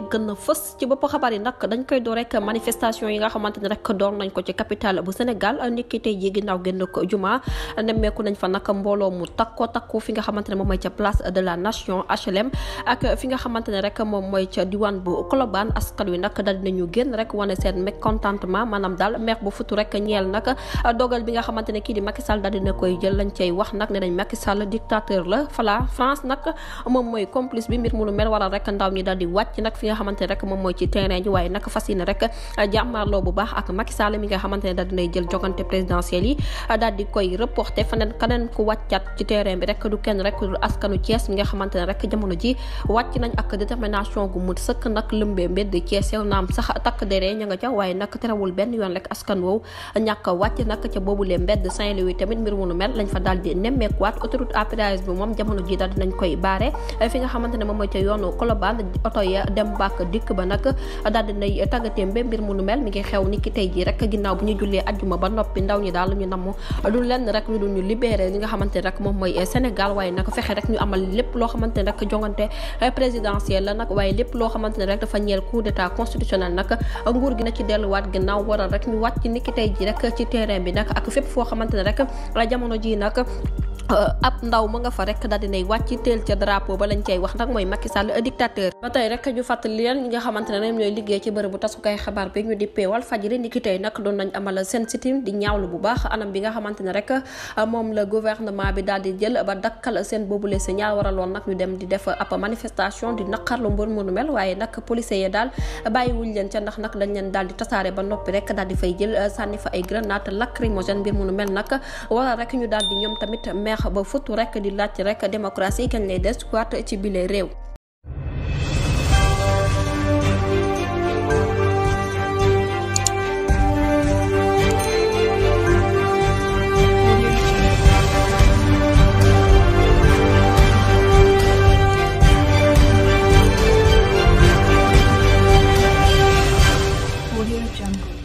li gën a fës ci bopp xabaar yi nag dañ koy door rek manifestation yi nga xamante ne door nañ ko ci capitale bu Sénégal niki tey jii ginnaaw génn ko nemmeeku nañ fa nag mbooloo mu takko takku fi nga xamante ne moom mooy ca place de la nation HLM ak fi nga xamante ne rek moom mooy ca diwaan bu Colobane askan wi nag dal dinañu génn rek wane seen mécontentement maanaam daal mer bu futu rek ñeel nag dogal bi nga xamante kii di Macky Sall daal koy jël lañ cay wax nag ne nañ Macky dictateur la fala nga xamante ne rek moom mooy ci terrain ji waaye ah, ah, nag fas rek jàmmaarloo ji waaye nag terewul benn yoon rek askan woowu ñàkk a wàcc nag ca boobulee mbedd Saint-Louis tamit mbir mu mel lañ fa daal di nemmeekuwaat autoroute à péage bi moom jamono ji daal dinañ koy baare fi nga xamante ne moom ca yoonu Colobane oto dem ak dikk ba nag daal dinay tàggateem ba mbir mu nu mel mi ngi xew ni ki tey jii rek ginnaaw bu ñu jullee ajjuma ba noppi ndaw ñi daal ñu namm lu lenn rek lu dul ñu libéré li nga xamante ne rek moom mooy Sénégal waaye nag fexe rek ñu amal lépp loo xamante ne rek jongante présidentielle la nag waaye lépp loo xamante ne rek dafa ñeel coup d'état constitutionnel nag nguur gi na ci delluwaat ginnaaw waral rek ñu wàcc ni ci terrain bi nag ak fépp foo xamante ne rek jamono Euh, ab ndaw ma nga fa rek daal dinay wàcc teel ca drapeau ba lañ cay wax nag mooy Macky Sall dictateur ba tey rek ñu fàttali leen ñi nga xamante ne ñoom ñu di peewal fajiri ni di ñaawlu bu baax anam bi nga xamante ne rek euh, moom la gouvernement bi ba dakkal seen boobule signal waraloon dem di def ab manifestation di naqarlu mbër mënu mel waaye nag policiers yi daal bàyyiwuñ leen ca ndax nag dañ leen daal di tasaare ba noppi rek daal di fay jël euh, sànni fa ay grenade lacrymogène mbir mënu mel nag wala rek ñu daal di ñoom tamit neex ba futu rek di laaj rek démocratie kañ lay des waat ci bile réew Audio Jungle.